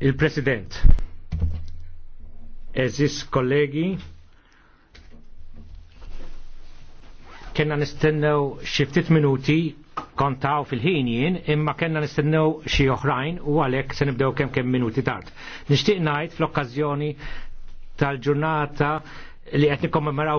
Il-President, eżis kollegi, kena nistennew xiftit minuti kontaw fil-ħin jien, imma kena nistennew xi oħrajn u għalek se nibdew kemm kemm minuti tard. Nixtieq ngħid fl-okkażjoni tal-ġurnata li qed nikkommemoraw